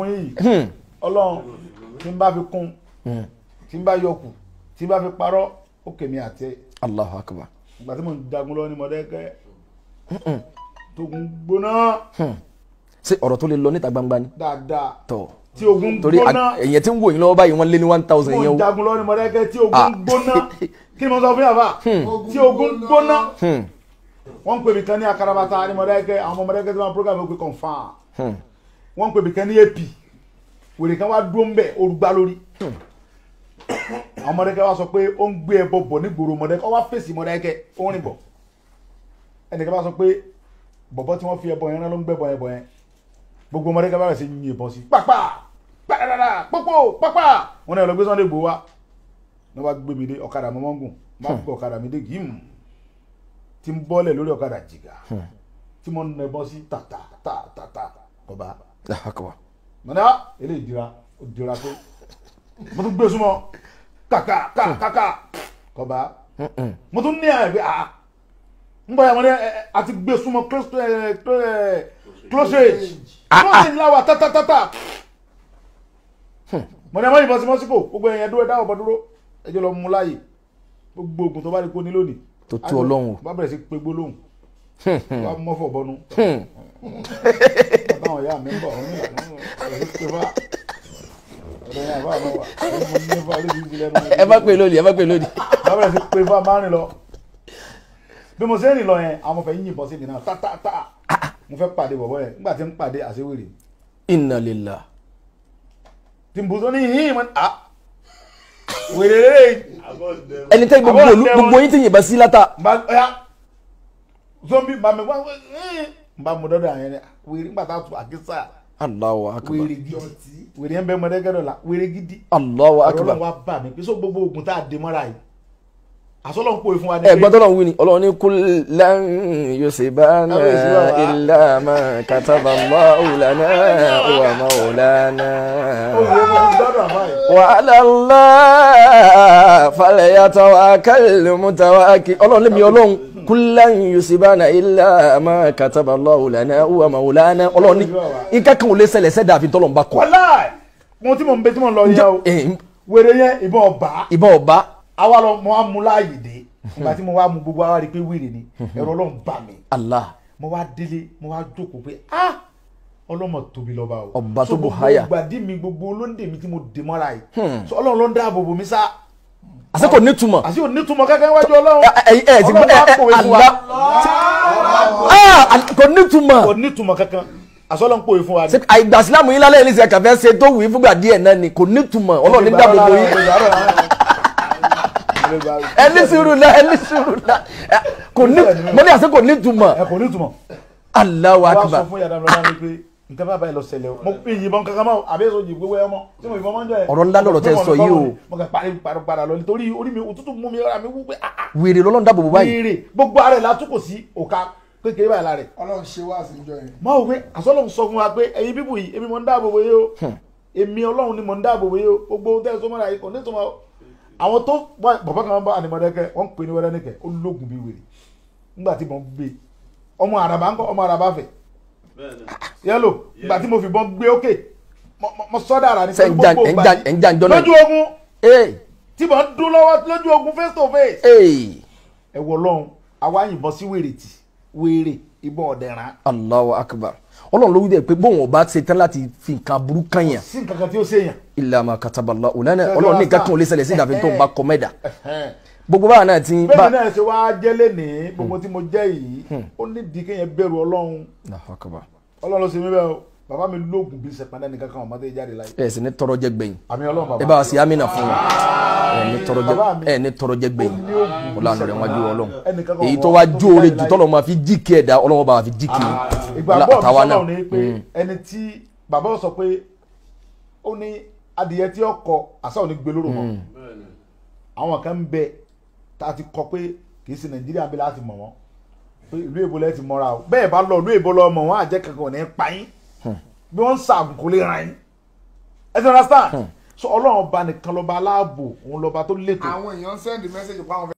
fún yìí hmm. ọlọ́run tí n bá fi kún hmm. tí n bá yọkù tí n bá fi parọ́ ó kèmí àti. Allahu akbar. ìgbà tí mo ń dagun lọ ni mo dẹ́kẹ́ tógun gbóná. Hmm. ṣé ọ̀rọ̀ tó lè lọ níta gbangba ni. dáadáa tọ̀ tí ogun gbóná. torí ẹ̀yẹ tí ń wò yín lọ́wọ́ báyìí wọ́n lé ní one thousand yẹn o. mo ń dagun lọ ni mo dẹ́kẹ́ tí ogun ah. gbóná kí ni mo sọ fún yàrá tí ogun gbóná. wọ́n ń pè mí kan ní akarabata ni mo dẹ́kẹ́ àwọn ọmọ mo dẹ́kẹ́ tí wọ́n program ó gbé confam wọ́n ń pè bìkan ní ap wèrè kan wá dúró ń bẹ̀ orúgbá lórí hmm. àwọn Mọdákẹ́kẹ́ wá sọ pé ó ń gbé ẹbọ bọ̀ nígboro Mọdákẹ́kẹ́ ó wá fèsì Mọdákẹ́kẹ́ ó ń rìn bọ̀ ẹnìkan bá sọ pé bọ̀bọ̀ tí wọ́n fi ẹbọ yẹn rán ló ń gbẹ́bọ ẹbọ yẹn gbogbo Mọdákẹ́kẹ́ bá rẹ̀ sí yín ìbọn sí pàpà pàdàdàdà pópó pàpà wọn náà lọ gbé Sunday wá ní wọ́n gbé mi dé ọ̀kadà mọ́mọ́ gùn má hmm. ọ̀kadà mi dé gíìmù tí ń bọ́lẹ̀ lórí ọ̀kadà jìgà hmm. tí mo ń nà ẹbọ sí tàtàtàtàtà ọba mọ̀nà ilé ìdíra ó dira tó mo tún gbé súnmọ́ kàkà kàkà kọba mo tún ní àyè pé àá n bọ̀dọ̀ àwọn àti gbé súnmọ́ close range close range láwa tátátátá mọ̀nà o ìbọn sí mọ́síkò gbogbo ẹ̀yẹn dúró dáwọ̀ bọ́ dúró ẹjọ́ lọ mú láàyè gbogbo oògùn tó bá rí kó ní tu tó tú ọlọ́run bá bẹ̀rẹ̀ sí pé gbólóhùn wàá mọ́fọ̀ bọ́nu àwọn ọ̀yà mi ń bọ̀ wọ́n ní ìfúnpá ọ̀dọ̀ yẹn àbá àmọ́ wà mo ní ìfúnpá lójú ìdílé mi. ẹ má pè lónìí ẹ má pè lónìí. bàbá rẹ̀ ti pè fún amárìn lọ bí mo ṣe ń rìn lọ yẹn àwọn ọmọ yìnbọn sí mi náà tá mo fẹ́ pàdé bọ̀bọ̀ yẹn nígbà tí ń pàdé àṣewèrè. Inna lila. tìǹbù tó ní yìnyín mọ́ ah wèrèrè ẹni tẹ gbogbo yín ti yìnbọn sí látà. zombi mami wá wá n mu dọ́dọ̀ àyẹn wèrè nígbà tá a tún àkísà Allahu akbar wèrè gidi wèrè yẹn bẹ la wèrè gidi Allahu akbar ọlọ́run wa bà mí gbogbo oògùn tá a dé mọ́ra yìí fún wa ní pé ẹ̀gbọ́n tọ́lọ́run wí ni ọlọ́run ní kul lan kataba Allahu lana wa maulana wa ala Allah falyatawakkal mutawakkil ọlọ́run lèmi ọlọ́run kullan yusibana illa ما kataba Allahu lana wa maulana ọlọ́run ní nǹkan kan ò lè ṣẹlẹ̀ sẹ́dá àfi tọ́lọ̀ ń bá kọ́. wàlá mo ti mọ̀ n bẹ tí mo lọ yá o eh, wèrè yẹn ìbọn ọba. ìbọn ọba. àwa lọ mo á mú láàyè dé ìgbà mo wá mú gbogbo àwa rí i pé wèrè ni ẹ̀rọ ọlọ́run bà mí. Allah. mo wá délé mo wá jókòó pé ah ọlọ́mọ tóbi lọ́ba o. so gbogbo gbàdí mi gbogbo olóńdè mi tí mo dè mọ́ra hmm. so ọlọ́run ló ń dáàbò bò mí sá àsìkò nítumọ̀. àsìkò nítumọ̀ kankan wájú ọlọ́run. ẹyìn ẹ ti gbọ́ ẹ ẹ àlá ah, kò nítumọ̀. kò nítumọ̀ kankan àsọlọ́n pòwe fún wa ni. àìgbà sílámù yín lálẹ́ ẹlẹ́sìn kàfẹ́ ṣe tó wù í fúgbà díẹ̀ náà ni kò nítumọ̀ ọlọ́run ní dáàbò bo yín. ẹni sùúrù náà ẹni sùúrù náà kò ní mo ní àsìkò ẹ kò nítumọ̀. Allahu akbar. sọ fún yàrá mi lọ́wọ́ nǹkan bá báyìí lọ ṣẹlẹ̀ o mo pín ìyìnbọn kankan mọ́ àbẹ́sọ̀ òjì gbéwẹ́ ọmọ tí mo ìbọn mọ́ ń jọ ẹ̀. ọ̀rọ̀ ńlá lọ̀rọ̀ tẹ sọ yìí o. mo kàn parí parí padà lọ nítorí orí mi òtútù mú mi ara mi wú pé. Ah, ah. wèrè lọ́lọ́run dáàbò bò báyìí. wèrè gbogbo ara ẹ̀ látúkò sí òka kékeré báyìí lára ẹ̀. ọlọ́run ṣe wá sí ìjọ yẹn. máa wò pé àsọlọ́run sọ fún wa pé ẹ̀yin bíbù yìí èmi mò ń dáàbò bò yìí o hmm. èmi ọlọ́run ni mò ń dáàbò bò yìí o gbogbo tẹ́ ẹ sọ mọ́ra ikọ̀ ní tòmọ́ àwọn tó bàbá kan bá ànìmọ̀dẹ́kẹ́ wọ́n ń pè ní wẹ́rẹ́ nìkẹ́ ó lóògùn wèrè nígbà tí mò ń gbé ọmọ àràbà ń kọ́ ọmọ àràbà fẹ̀ yẹ́lò ìgbà tí mo fi bọ́ gbé ókè mo sọ́dàrà ní sẹ́yìn gbogbo ìgbà yìí lójú ogun tí mo ń dún lọ́wọ́ lójú ogun face to face ẹ wọ lọ́hùn àwa yìnbọn sí wèrè tì wèrè ìbọn ọ̀dẹ̀rán. Allahu akbar ọlọ́run ló wí dẹ̀ pé bóun ọba ṣe tán láti fi nǹkan burú kan yàn. sí nǹkan kan tí ó ṣèyàn. ìlànà katabalá òlànà ọlọ́run ní nǹkan kan ò lè ṣẹlẹ̀ sí ìdàfẹ́ tó ń bá kọ́mẹ́dà gbogbo báwa náà ti. bẹ́ẹ̀ náà ṣe wá jẹ́lé ní gbogbo hmm. tí mo jẹ́ yìí hmm. ó ní di kéèyàn bẹ̀rù ọlọ́run ọlọ́run ló ṣe mí bẹ́ẹ̀ o bàbá mi lóògùn bíi sẹpẹ́ndà nìkan kan ọmọdé jáde láyé. ẹ sì ní tọrọ jẹ gbẹ̀yìn ẹ bá wa sí amínà fún wa ẹ ní tọrọ jẹ gbẹ̀yìn ó lànà rẹ wájú ọlọ́run èyí tó wá jó oore jù tọ́lọ́ máa fi jí kí ẹ̀dá ọlọ́wọ́ bá wa fi jí kí àtàwa náà. Hmm. ẹni tí bàbá sọ pé ó ní adìyẹ tí ó kọ àṣà ò ní gbé lóró wọn àwọn kan ń bẹ tá ti kọ pé kì í ṣe nàìjíríà bí láti mọ̀ wọ́n pé ìlú èbó lẹ́ ti mọ́ra o bẹ́ẹ̀ bá lọ ìlú èbó lọ mọ̀ wọ́n àjẹ́ kankan ní pa yín hmm. bí wọ́n ń ṣàgùn kò lè ràn yín ẹ ti understand hmm. so ọlọ́run ọba nìkan lọ́ba aláàbò òun lọ́ba tó létò. àwọn èèyàn ń sẹ́ndì pa àwọn.